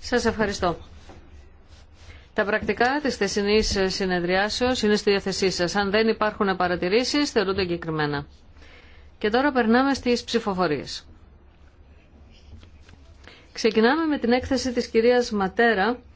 Σας ευχαριστώ. Τα πρακτικά της θεσινής συνεδριάσεως είναι στη διαθεσή σας. Αν δεν υπάρχουν παρατηρήσεις, θεωρούνται εγκεκριμένα. Και τώρα περνάμε στις ψηφοφορίες. Ξεκινάμε με την έκθεση της κυρίας Ματέρα